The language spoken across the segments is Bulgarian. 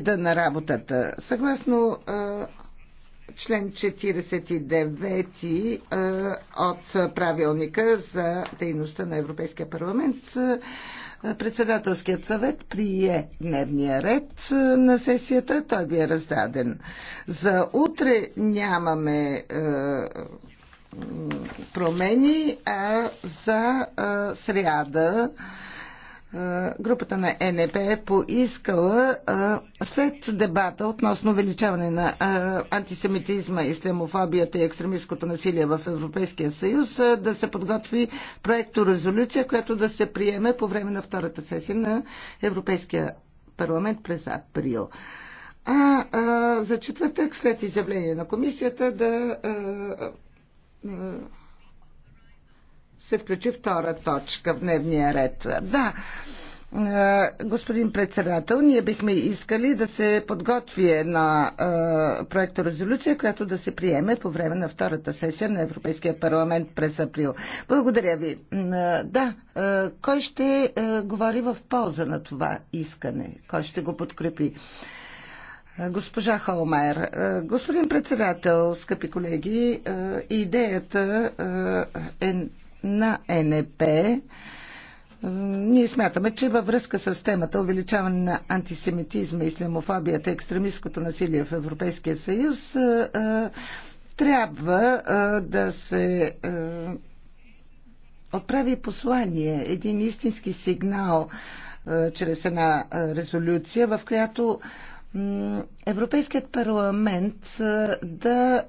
вида на работата. Съгласно член 49 от правилника за дейността на Европейския парламент, председателският съвет прие дневния ред на сесията. Той би е раздаден. За утре нямаме промени, а за сряда групата на е НП е поискала след дебата относно увеличаване на антисемитизма, ислямофобията и екстремистското насилие в Европейския съюз да се подготви проекто резолюция, която да се приеме по време на втората сесия на Европейския парламент през април. А, а за четвъртък след изявление на комисията да а, а, се включи втора точка в дневния ред. Да, е, господин председател, ние бихме искали да се подготви една е, проекта резолюция, която да се приеме по време на втората сесия на Европейския парламент през април. Благодаря ви. Е, да, кой ще говори в полза на това искане? Кой ще го подкрепи? Госпожа Холмайер, господин председател, скъпи колеги, идеята е на НП. Ние смятаме, че във връзка с темата увеличаване на антисемитизма, ислямофобията, екстремистското насилие в Европейския съюз, трябва да се отправи послание, един истински сигнал чрез една резолюция, в която Европейският парламент да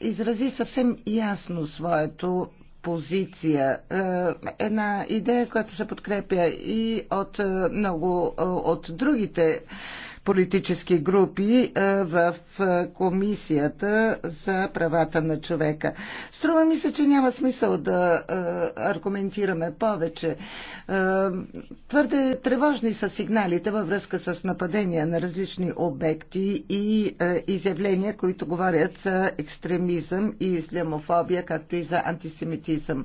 изрази съвсем ясно своето позиция, е, една идея, която се подкрепя и от е, много е, от другите политически групи е, в е, Комисията за правата на човека. Струва ми се, че няма смисъл да е, аргументираме повече. Твърде тревожни са сигналите във връзка с нападения на различни обекти и изявления, които говорят за екстремизъм и ислямофобия, както и за антисемитизъм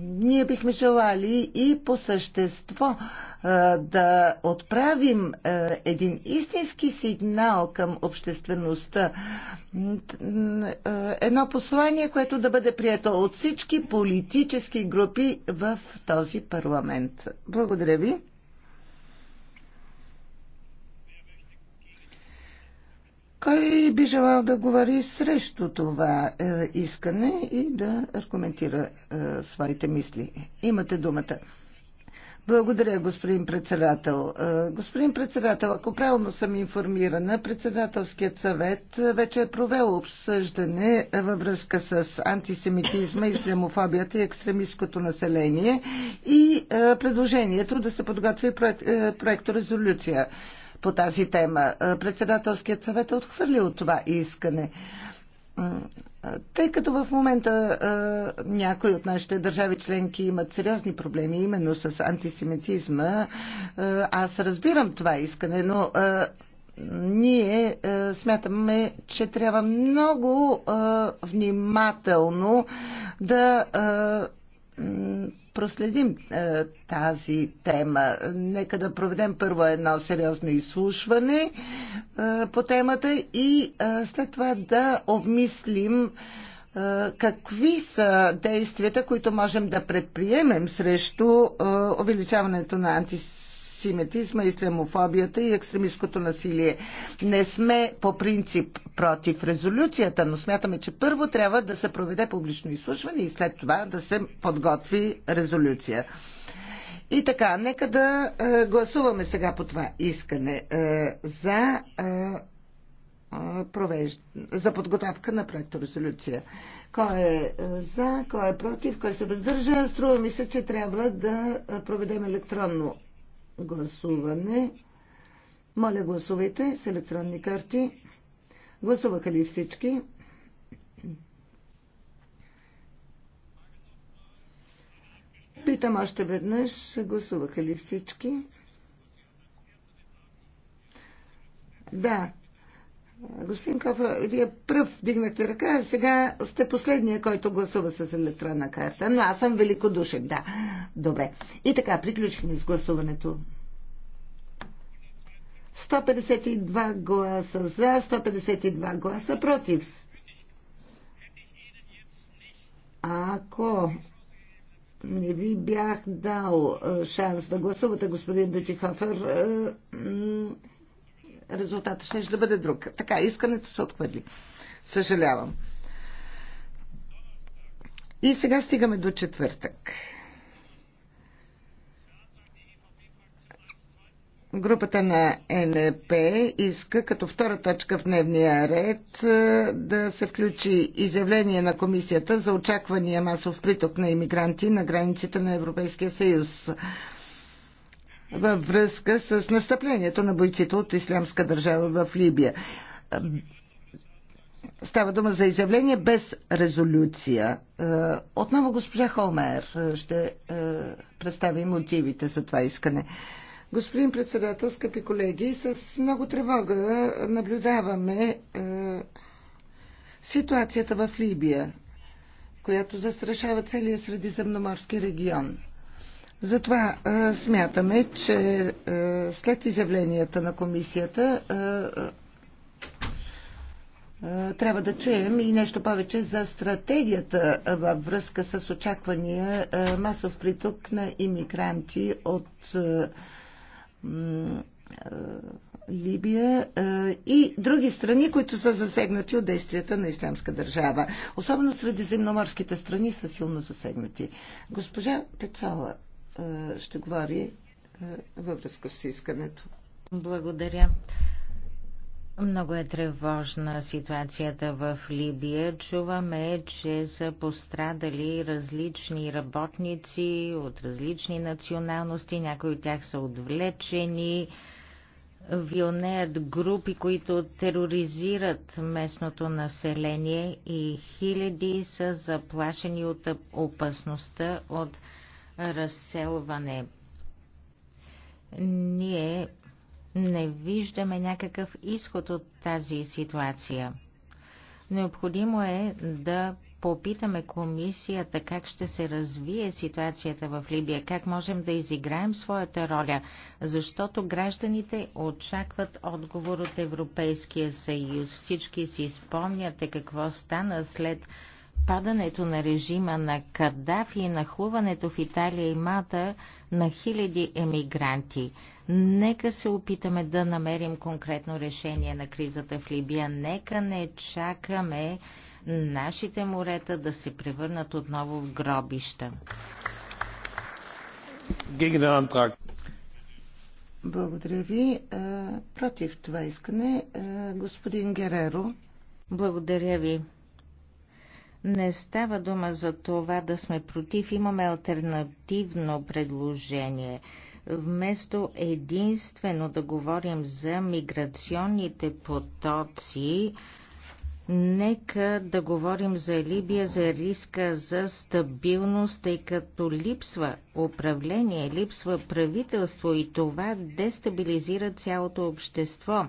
ние бихме желали и по същество да отправим един истински сигнал към обществеността. Едно послание, което да бъде прието от всички политически групи в този парламент. Благодаря ви. Кой би желал да говори срещу това е, искане и да аргументира е, своите мисли? Имате думата. Благодаря, господин председател. Е, господин председател, ако правилно съм информирана, председателският съвет вече е провел обсъждане във връзка с антисемитизма, ислямофобията и екстремистското население и е, предложението да се подготви проект, е, проект резолюция по тази тема. Председателският съвет е отхвърлил това искане. Тъй като в момента някои от нашите държави членки имат сериозни проблеми именно с антисемитизма, аз разбирам това искане, но ние смятаме, че трябва много внимателно да проследим е, тази тема. Нека да проведем първо едно сериозно изслушване е, по темата и е, след това да обмислим е, какви са действията, които можем да предприемем срещу е, увеличаването на антис антисемитизма, ислямофобията и екстремистското насилие. Не сме по принцип против резолюцията, но смятаме, че първо трябва да се проведе публично изслушване и след това да се подготви резолюция. И така, нека да е, гласуваме сега по това искане е, за, е, е провеж... за подготовка на проекта резолюция. Кой е, е за, кой е против, кой се въздържа, струва ми се, че трябва да е, проведем електронно гласуване. Моля, гласувайте с електронни карти. Гласуваха ли всички? Питам още веднъж, гласуваха ли всички? Да, Господин Кафа, вие пръв дигнахте ръка, а сега сте последния, който гласува с електронна карта. Но аз съм великодушен, да. Добре. И така, приключихме с гласуването. 152 гласа за, 152 гласа против. Ако не ви бях дал е, шанс да гласувате, господин Бютихофер, е, резултатът ще, ще да бъде друг. Така, искането се отхвърли. Съжалявам. И сега стигаме до четвъртък. Групата на НП иска като втора точка в дневния ред е, да се включи изявление на комисията за очаквания масов приток на иммигранти на границите на Европейския съюз във връзка с настъплението на бойците от Ислямска държава в Либия. Става дума за изявление без резолюция. Е, отново госпожа Холмер е, ще е, представи мотивите за това искане. Господин председател, скъпи колеги, с много тревога наблюдаваме ситуацията в Либия, която застрашава целия средиземноморски регион. Затова а, смятаме, че а, след изявленията на комисията а, а, трябва да чуем и нещо повече за стратегията във връзка с очаквания а, масов приток на иммигранти от а, Либия и други страни, които са засегнати от действията на Исламска държава. Особено средиземноморските страни са силно засегнати. Госпожа Пецала ще говори във връзка с искането. Благодаря. Много е тревожна ситуацията в Либия. Чуваме, че са пострадали различни работници от различни националности. Някои от тях са отвлечени. Вилнеят групи, които тероризират местното население и хиляди са заплашени от опасността от разселване. Ние не виждаме някакъв изход от тази ситуация. Необходимо е да попитаме комисията как ще се развие ситуацията в Либия, как можем да изиграем своята роля, защото гражданите очакват отговор от Европейския съюз. Всички си спомняте какво стана след падането на режима на Каддафи и нахлуването в Италия и Мата на хиляди емигранти. Нека се опитаме да намерим конкретно решение на кризата в Либия. Нека не чакаме нашите морета да се превърнат отново в гробища. Благодаря ви. Против това искане, господин Гереро. Благодаря ви. Не става дума за това да сме против. Имаме альтернативно предложение. Вместо единствено да говорим за миграционните потоци, Нека да говорим за Либия, за риска, за стабилност, тъй като липсва управление, липсва правителство и това дестабилизира цялото общество.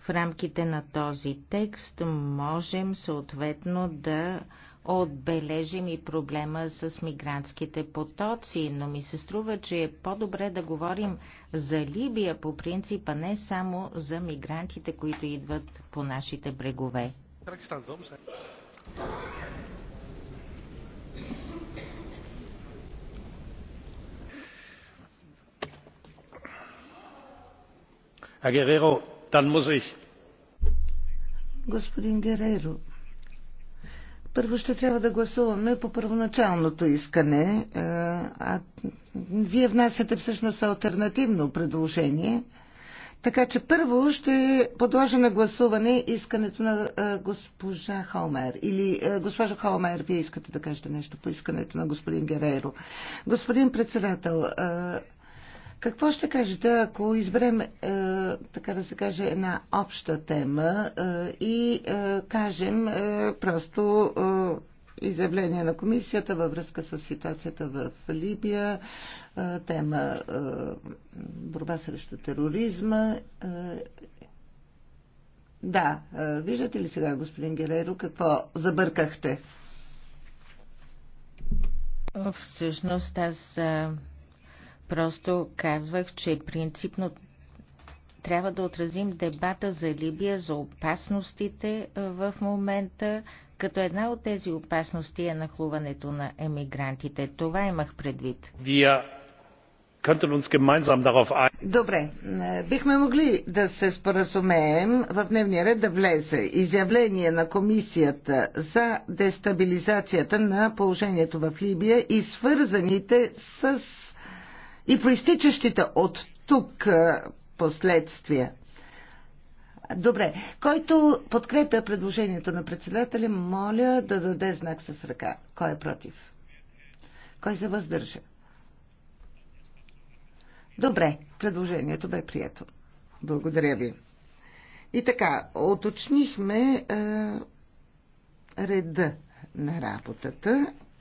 В рамките на този текст можем съответно да отбележим и проблема с мигрантските потоци, но ми се струва, че е по-добре да говорим за Либия по принципа, не само за мигрантите, които идват по нашите брегове. Господин Гереро, първо ще трябва да гласуваме по първоначалното искане. Е, а вие внасяте всъщност альтернативно предложение. Така че първо ще подложа на гласуване искането на е, госпожа Холмер. Или е, госпожа Холмер, вие искате да кажете нещо по искането на господин Герейро. Господин председател, какво ще кажете, ако изберем, е, така да се каже, една обща тема е, и е, кажем е, просто е, изявление на комисията във връзка с ситуацията в Либия, е, тема е, борба срещу тероризма. Е, да, е, виждате ли сега, господин Гереро, какво забъркахте? Всъщност аз е, Просто казвах, че принципно трябва да отразим дебата за Либия, за опасностите в момента, като една от тези опасности е нахлуването на емигрантите. Това имах предвид. Добре, е, бихме могли да се споразумеем в дневния ред да влезе изявление на комисията за дестабилизацията на положението в Либия и свързаните с и проистичащите от тук последствия. Добре, който подкрепя предложението на председателя, моля да даде знак с ръка. Кой е против? Кой се въздържа? Добре, предложението бе прието. Благодаря ви. И така, оточнихме е, реда на работата.